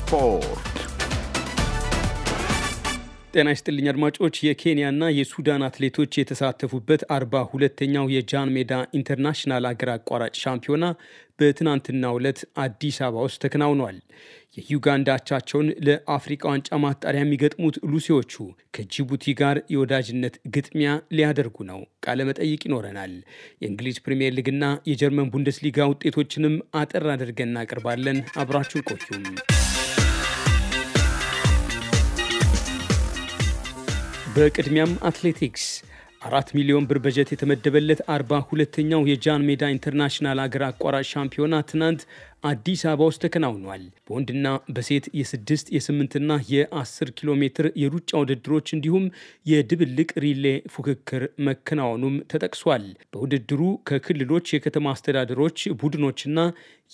ስፖርት ጤና ይስጥልኝ አድማጮች። የኬንያና የሱዳን አትሌቶች የተሳተፉበት አርባ ሁለተኛው የጃን ሜዳ ኢንተርናሽናል አገር አቋራጭ ሻምፒዮና በትናንትናው ዕለት አዲስ አበባ ውስጥ ተከናውኗል። የዩጋንዳ አቻቸውን ለአፍሪካ ዋንጫ ማጣሪያ የሚገጥሙት ሉሲዎቹ ከጅቡቲ ጋር የወዳጅነት ግጥሚያ ሊያደርጉ ነው። ቃለመጠይቅ ይኖረናል። የእንግሊዝ ፕሪምየር ሊግና የጀርመን ቡንደስሊጋ ውጤቶችንም አጠር አድርገን እናቀርባለን። አብራችሁ ቆዩም በቅድሚያም አትሌቲክስ አራት ሚሊዮን ብር በጀት የተመደበለት አርባ ሁለተኛው የጃን ሜዳ ኢንተርናሽናል አገር አቋራጭ ሻምፒዮና ትናንት አዲስ አበባ ውስጥ ተከናውኗል። በወንድና በሴት የስድስት የስምንትና የአስር ኪሎ ሜትር የሩጫ ውድድሮች እንዲሁም የድብልቅ ሪሌ ፉክክር መከናወኑም ተጠቅሷል። በውድድሩ ከክልሎች የከተማ አስተዳደሮች ቡድኖችና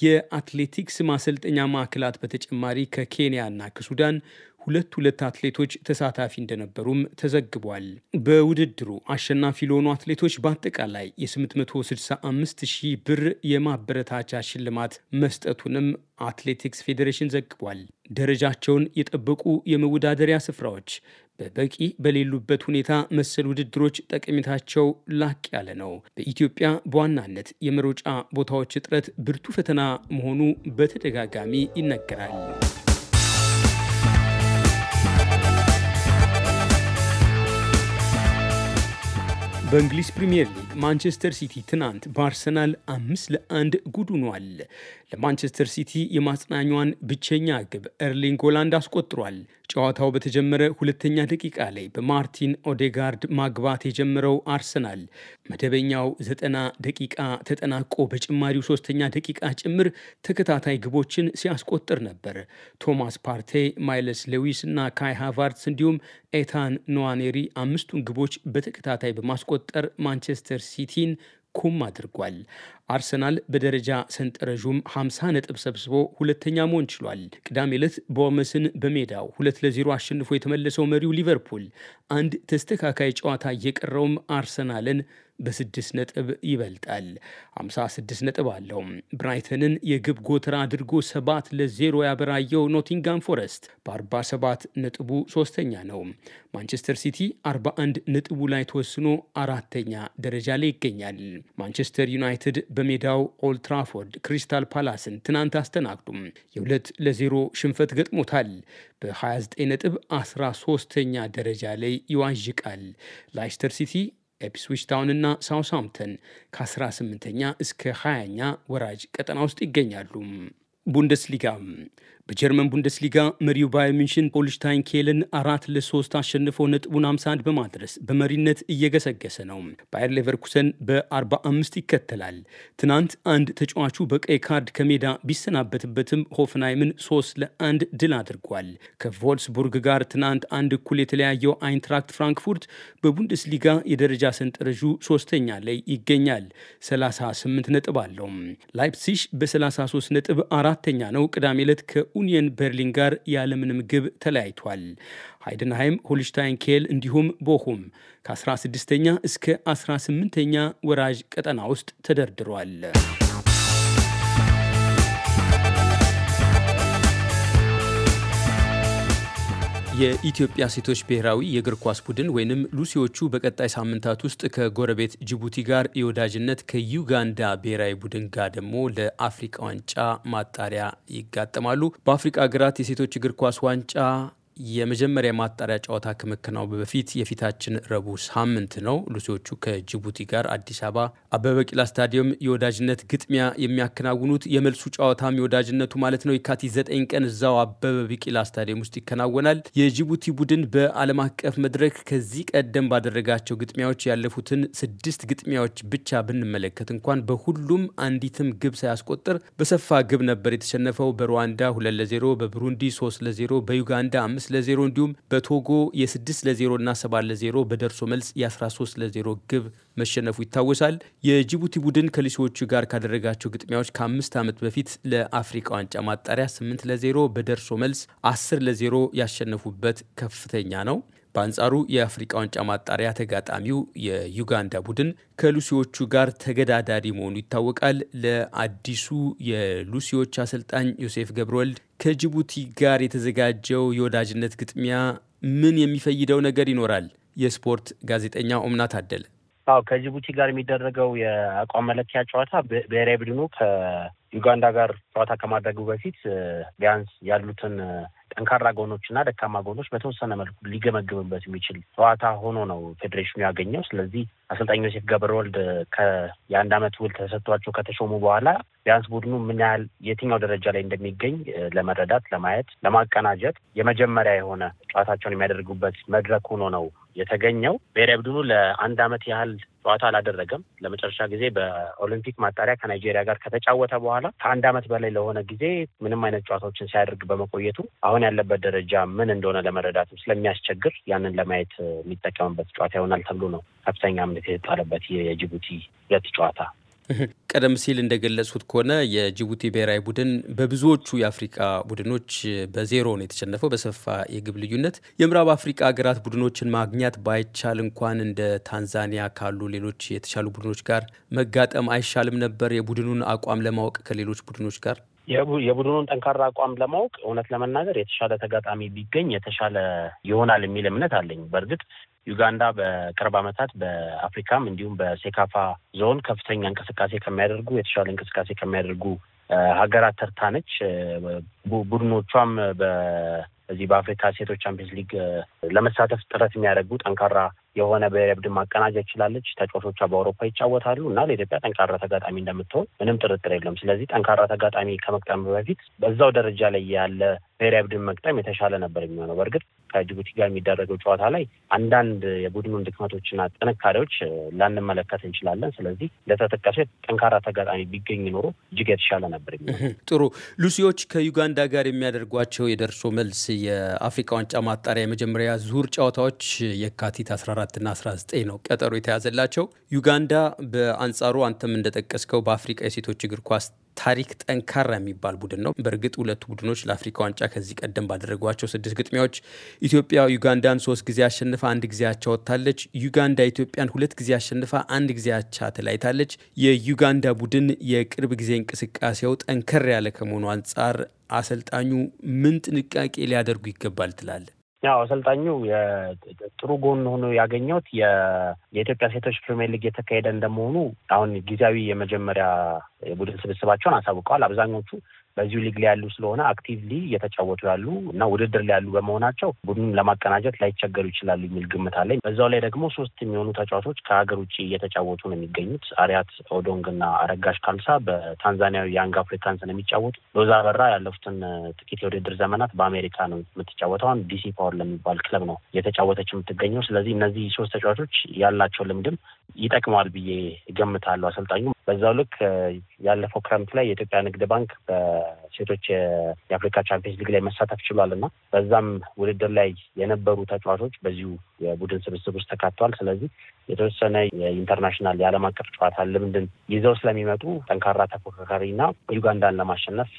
የአትሌቲክስ ማሰልጠኛ ማዕከላት በተጨማሪ ከኬንያና ከሱዳን ሁለት ሁለት አትሌቶች ተሳታፊ እንደነበሩም ተዘግቧል። በውድድሩ አሸናፊ ለሆኑ አትሌቶች በአጠቃላይ የ865 ሺህ ብር የማበረታቻ ሽልማት መስጠቱንም አትሌቲክስ ፌዴሬሽን ዘግቧል። ደረጃቸውን የጠበቁ የመወዳደሪያ ስፍራዎች በበቂ በሌሉበት ሁኔታ መሰል ውድድሮች ጠቀሜታቸው ላቅ ያለ ነው። በኢትዮጵያ በዋናነት የመሮጫ ቦታዎች እጥረት ብርቱ ፈተና መሆኑ በተደጋጋሚ ይነገራል። በእንግሊዝ ፕሪምየር ሊግ ማንቸስተር ሲቲ ትናንት በአርሰናል አምስት ለአንድ ጉዱኗል። ለማንቸስተር ሲቲ የማጽናኟን ብቸኛ ግብ ኤርሊንግ ሆላንድ አስቆጥሯል። ጨዋታው በተጀመረ ሁለተኛ ደቂቃ ላይ በማርቲን ኦዴጋርድ ማግባት የጀመረው አርሰናል መደበኛው ዘጠና ደቂቃ ተጠናቆ በጭማሪው ሶስተኛ ደቂቃ ጭምር ተከታታይ ግቦችን ሲያስቆጥር ነበር። ቶማስ ፓርቴ፣ ማይለስ ሌዊስ እና ካይ ሃቫርትስ እንዲሁም ኤታን ኖዋኔሪ አምስቱን ግቦች በተከታታይ በማስቆጠር ማንቸስተር ሲቲን ኩም አድርጓል። አርሰናል በደረጃ ሰንጠረዡም 50 ነጥብ ሰብስቦ ሁለተኛ መሆን ችሏል። ቅዳሜ ዕለት ቦመስን በሜዳው ሁለት ለዜሮ አሸንፎ የተመለሰው መሪው ሊቨርፑል አንድ ተስተካካይ ጨዋታ እየቀረውም አርሰናልን በስድስት ነጥብ ይበልጣል። 56 ነጥብ አለው። ብራይተንን የግብ ጎተራ አድርጎ 7 ለዜሮ ያበራየው ኖቲንጋም ፎረስት በ47 ነጥቡ ሶስተኛ ነው። ማንቸስተር ሲቲ 41 ነጥቡ ላይ ተወስኖ አራተኛ ደረጃ ላይ ይገኛል። ማንቸስተር ዩናይትድ በሜዳው ኦልትራፎርድ ክሪስታል ፓላስን ትናንት አስተናግዱም የሁለት ለዜሮ ሽንፈት ገጥሞታል። በ29 ነጥብ 13ኛ ደረጃ ላይ ይዋዥቃል። ላይስተር ሲቲ ኤፕስዊች ታውንና ሳውሳምተን ከ18ኛ እስከ 20ኛ ወራጅ ቀጠና ውስጥ ይገኛሉ። ቡንደስሊጋ በጀርመን ቡንደስሊጋ መሪው ባየር ሚንሽን ፖልሽታይን ኬልን አራት ለሶስት አሸንፎ ነጥቡን 51 በማድረስ በመሪነት እየገሰገሰ ነው። ባየር ሌቨርኩሰን በ45 ይከተላል። ትናንት አንድ ተጫዋቹ በቀይ ካርድ ከሜዳ ቢሰናበትበትም ሆፍንሃይምን 3 ለአንድ ድል አድርጓል። ከቮልስቡርግ ጋር ትናንት አንድ እኩል የተለያየው አይንትራክት ፍራንክፉርት በቡንደስሊጋ የደረጃ ሰንጠረዡ ሶስተኛ ላይ ይገኛል። 38 ነጥብ አለው። ላይፕሲሽ በ33 ነጥብ አራተኛ ነው። ቅዳሜ ዕለት ከ ከኡኒየን በርሊን ጋር ያለምንም ግብ ተለያይቷል። ሃይደንሃይም፣ ሆልሽታይን ኬል እንዲሁም ቦሁም ከ16ኛ እስከ 18ኛ ወራጅ ቀጠና ውስጥ ተደርድሯል። የኢትዮጵያ ሴቶች ብሔራዊ የእግር ኳስ ቡድን ወይንም ሉሲዎቹ በቀጣይ ሳምንታት ውስጥ ከጎረቤት ጅቡቲ ጋር የወዳጅነት ከዩጋንዳ ብሔራዊ ቡድን ጋር ደግሞ ለአፍሪቃ ዋንጫ ማጣሪያ ይጋጠማሉ። በአፍሪቃ ሀገራት የሴቶች እግር ኳስ ዋንጫ የመጀመሪያ ማጣሪያ ጨዋታ ከመከናወኑ በፊት የፊታችን ረቡዕ ሳምንት ነው ሉሲዎቹ ከጅቡቲ ጋር አዲስ አበባ አበበ ቢቂላ ስታዲየም የወዳጅነት ግጥሚያ የሚያከናውኑት። የመልሱ ጨዋታም የወዳጅነቱ ማለት ነው የካቲት ዘጠኝ ቀን እዛው አበበ ቢቂላ ስታዲየም ውስጥ ይከናወናል። የጅቡቲ ቡድን በዓለም አቀፍ መድረክ ከዚህ ቀደም ባደረጋቸው ግጥሚያዎች ያለፉትን ስድስት ግጥሚያዎች ብቻ ብንመለከት እንኳን በሁሉም አንዲትም ግብ ሳያስቆጥር በሰፋ ግብ ነበር የተሸነፈው። በሩዋንዳ ሁለት ለዜሮ በብሩንዲ ሶስት ለዜሮ በዩጋንዳ አምስት ስድስት ለዜሮ እንዲሁም በቶጎ የስድስት ለዜሮ እና ሰባት ለዜሮ በደርሶ መልስ የአስራሶስት ለዜሮ ግብ መሸነፉ ይታወሳል። የጅቡቲ ቡድን ከሊሴዎቹ ጋር ካደረጋቸው ግጥሚያዎች ከአምስት ዓመት በፊት ለአፍሪካ ዋንጫ ማጣሪያ ስምንት ለዜሮ በደርሶ መልስ አስር ለዜሮ ያሸነፉበት ከፍተኛ ነው። በአንጻሩ የአፍሪቃ ዋንጫ ማጣሪያ ተጋጣሚው የዩጋንዳ ቡድን ከሉሲዎቹ ጋር ተገዳዳሪ መሆኑ ይታወቃል። ለአዲሱ የሉሲዎች አሰልጣኝ ዮሴፍ ገብረወልድ ከጅቡቲ ጋር የተዘጋጀው የወዳጅነት ግጥሚያ ምን የሚፈይደው ነገር ይኖራል? የስፖርት ጋዜጠኛ ኦምና ታደለ። አዎ ከጅቡቲ ጋር የሚደረገው የአቋም መለኪያ ጨዋታ ብሔራዊ ቡድኑ ከዩጋንዳ ጋር ጨዋታ ከማድረጉ በፊት ቢያንስ ያሉትን ጠንካራ ጎኖች እና ደካማ ጎኖች በተወሰነ መልኩ ሊገመግምበት የሚችል ጨዋታ ሆኖ ነው ፌዴሬሽኑ ያገኘው። ስለዚህ አሰልጣኝ ዮሴፍ ገብረ ወልድ ከየአንድ ዓመት ውል ተሰጥቷቸው ከተሾሙ በኋላ ቢያንስ ቡድኑ ምን ያህል የትኛው ደረጃ ላይ እንደሚገኝ ለመረዳት፣ ለማየት፣ ለማቀናጀት የመጀመሪያ የሆነ ጨዋታቸውን የሚያደርጉበት መድረክ ሆኖ ነው የተገኘው። ብሔራዊ ቡድኑ ለአንድ ዓመት ያህል ጨዋታ አላደረገም። ለመጨረሻ ጊዜ በኦሊምፒክ ማጣሪያ ከናይጄሪያ ጋር ከተጫወተ በኋላ ከአንድ ዓመት በላይ ለሆነ ጊዜ ምንም አይነት ጨዋታዎችን ሲያደርግ በመቆየቱ አሁን ያለበት ደረጃ ምን እንደሆነ ለመረዳት ስለሚያስቸግር ያንን ለማየት የሚጠቀምበት ጨዋታ ይሆናል ተብሎ ነው ከፍተኛ እምነት የተጣለበት የጅቡቲ ሁለት ጨዋታ ቀደም ሲል እንደገለጽኩት ከሆነ የጅቡቲ ብሔራዊ ቡድን በብዙዎቹ የአፍሪቃ ቡድኖች በዜሮ ነው የተሸነፈው፣ በሰፋ የግብ ልዩነት። የምዕራብ አፍሪቃ ሀገራት ቡድኖችን ማግኛት ባይቻል እንኳን እንደ ታንዛኒያ ካሉ ሌሎች የተሻሉ ቡድኖች ጋር መጋጠም አይሻልም ነበር? የቡድኑን አቋም ለማወቅ ከሌሎች ቡድኖች ጋር የቡድኑን ጠንካራ አቋም ለማወቅ እውነት ለመናገር የተሻለ ተጋጣሚ ቢገኝ የተሻለ ይሆናል የሚል እምነት አለኝ። በእርግጥ ዩጋንዳ በቅርብ ዓመታት በአፍሪካም እንዲሁም በሴካፋ ዞን ከፍተኛ እንቅስቃሴ ከሚያደርጉ የተሻለ እንቅስቃሴ ከሚያደርጉ ሀገራት ተርታ ነች። ቡድኖቿም በዚህ በአፍሪካ ሴቶች ቻምፒየንስ ሊግ ለመሳተፍ ጥረት የሚያደርጉ ጠንካራ የሆነ ብሔራዊ ቡድን ማቀናጀት ይችላለች። ተጫዋቾቿ በአውሮፓ ይጫወታሉ እና ለኢትዮጵያ ጠንካራ ተጋጣሚ እንደምትሆን ምንም ጥርጥር የለውም። ስለዚህ ጠንካራ ተጋጣሚ ከመቅጠም በፊት በዛው ደረጃ ላይ ያለ ብሔራዊ ቡድን መቅጠም የተሻለ ነበር የሚሆነው። በእርግጥ ከጅቡቲ ጋር የሚደረገው ጨዋታ ላይ አንዳንድ የቡድኑን ድክመቶችና ጥንካሬዎች ላንመለከት እንችላለን። ስለዚህ ለተጠቀሱ ጠንካራ ተጋጣሚ ቢገኝ ኖሮ እጅግ የተሻለ ነበር የሚሆነው። ጥሩ ሉሲዎች ከዩጋንዳ ጋር የሚያደርጓቸው የደርሶ መልስ የአፍሪካ ዋንጫ ማጣሪያ የመጀመሪያ ዙር ጨዋታዎች የካቲት 14 17ና 19 ነው ቀጠሮ የተያዘላቸው። ዩጋንዳ በአንጻሩ አንተም እንደጠቀስከው በአፍሪቃ የሴቶች እግር ኳስ ታሪክ ጠንካራ የሚባል ቡድን ነው። በእርግጥ ሁለቱ ቡድኖች ለአፍሪካ ዋንጫ ከዚህ ቀደም ባደረጓቸው ስድስት ግጥሚያዎች ኢትዮጵያ ዩጋንዳን ሶስት ጊዜ አሸንፋ አንድ ጊዜ አቻ ወጥታለች። ዩጋንዳ ኢትዮጵያን ሁለት ጊዜ አሸንፋ አንድ ጊዜ አቻ ተለያይታለች። የዩጋንዳ ቡድን የቅርብ ጊዜ እንቅስቃሴው ጠንከር ያለ ከመሆኑ አንጻር አሰልጣኙ ምን ጥንቃቄ ሊያደርጉ ይገባል ትላለ? ያው አሰልጣኙ ጥሩ ጎን ሆኖ ያገኘሁት የኢትዮጵያ ሴቶች ፕሪሚየር ሊግ የተካሄደ እንደመሆኑ አሁን ጊዜያዊ የመጀመሪያ የቡድን ስብስባቸውን አሳውቀዋል። አብዛኞቹ በዚሁ ሊግ ላይ ያሉ ስለሆነ አክቲቭሊ እየተጫወቱ ያሉ እና ውድድር ላይ ያሉ በመሆናቸው ቡድኑን ለማቀናጀት ላይቸገሩ ይችላሉ የሚል ግምት አለኝ። በዛው ላይ ደግሞ ሶስት የሚሆኑ ተጫዋቾች ከሀገር ውጭ እየተጫወቱ ነው የሚገኙት። አሪያት ኦዶንግ እና አረጋሽ ካልሳ በታንዛኒያዊ ያንግ አፍሪካንስ ነው የሚጫወቱ። ሎዛ በራ ያለፉትን ጥቂት የውድድር ዘመናት በአሜሪካ ነው የምትጫወተው። አሁን ዲሲ ፓወር ለሚባል ክለብ ነው እየተጫወተች የምትገኘው። ስለዚህ እነዚህ ሶስት ተጫዋቾች ያላቸው ልምድም ይጠቅማል ብዬ ገምታለሁ አሰልጣኙ በዛው ልክ ያለፈው ክረምት ላይ የኢትዮጵያ ንግድ ባንክ ሴቶች የአፍሪካ ቻምፒየንስ ሊግ ላይ መሳተፍ ችሏል እና በዛም ውድድር ላይ የነበሩ ተጫዋቾች በዚሁ የቡድን ስብስብ ውስጥ ተካተዋል። ስለዚህ የተወሰነ የኢንተርናሽናል የዓለም አቀፍ ጨዋታ ልምድን ይዘው ስለሚመጡ ጠንካራ እና ዩጋንዳን ለማሸነፍ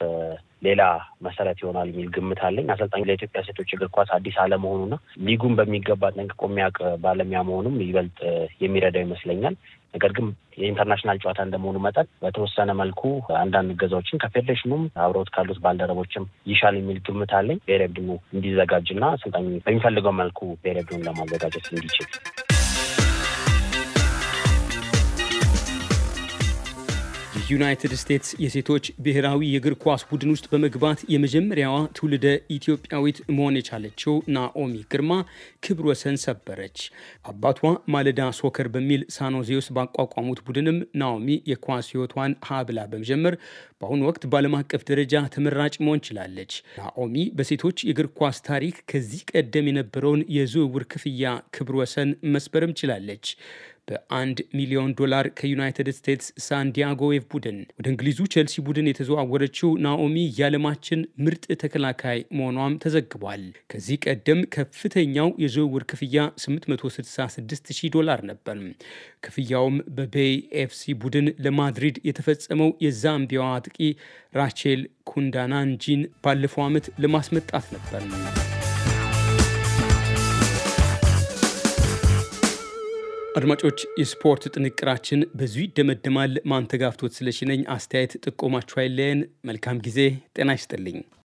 ሌላ መሰረት ይሆናል የሚል ግምት አለኝ። አሰልጣኝ ለኢትዮጵያ ሴቶች እግር ኳስ አዲስ አለመሆኑና ሊጉን በሚገባ ጠንቅቆ የሚያውቅ ባለሙያ መሆኑም ይበልጥ የሚረዳው ይመስለኛል። ነገር ግን የኢንተርናሽናል ጨዋታ እንደመሆኑ መጠን በተወሰነ መልኩ አንዳንድ እገዛዎችን ከፌዴሬሽኑም አብረውት ካሉት ባልደረቦችም ይሻል የሚል ግምት አለኝ። ብሔራዊ ቡድኑ እንዲዘጋጅና አሰልጣኙ በሚፈልገው መልኩ ብሄረ ቡድኑን ለማዘጋጀት እንዲችል ዩናይትድ ስቴትስ የሴቶች ብሔራዊ የእግር ኳስ ቡድን ውስጥ በመግባት የመጀመሪያዋ ትውልደ ኢትዮጵያዊት መሆን የቻለችው ናኦሚ ግርማ ክብር ወሰን ሰበረች። አባቷ ማለዳ ሶከር በሚል ሳኖዜ ውስጥ ባቋቋሙት ቡድንም ናኦሚ የኳስ ሕይወቷን ሀብላ በመጀመር በአሁኑ ወቅት በዓለም አቀፍ ደረጃ ተመራጭ መሆን ችላለች። ናኦሚ በሴቶች የእግር ኳስ ታሪክ ከዚህ ቀደም የነበረውን የዝውውር ክፍያ ክብር ወሰን መስበርም ችላለች። በአንድ ሚሊዮን ዶላር ከዩናይትድ ስቴትስ ሳንዲያጎ ዌቭ ቡድን ወደ እንግሊዙ ቼልሲ ቡድን የተዘዋወረችው ናኦሚ የዓለማችን ምርጥ ተከላካይ መሆኗም ተዘግቧል። ከዚህ ቀደም ከፍተኛው የዝውውር ክፍያ 8660 ዶላር ነበር። ክፍያውም በቤይ ኤፍሲ ቡድን ለማድሪድ የተፈጸመው የዛምቢያዋ አጥቂ ራቼል ኩንዳናንጂን ባለፈው ዓመት ለማስመጣት ነበር። አድማጮች የስፖርት ጥንቅራችን በዙ ይደመደማል። ማንተጋፍቶት ስለሽነኝ አስተያየት ጥቆማችሁ አይለየን። መልካም ጊዜ። ጤና ይስጥልኝ።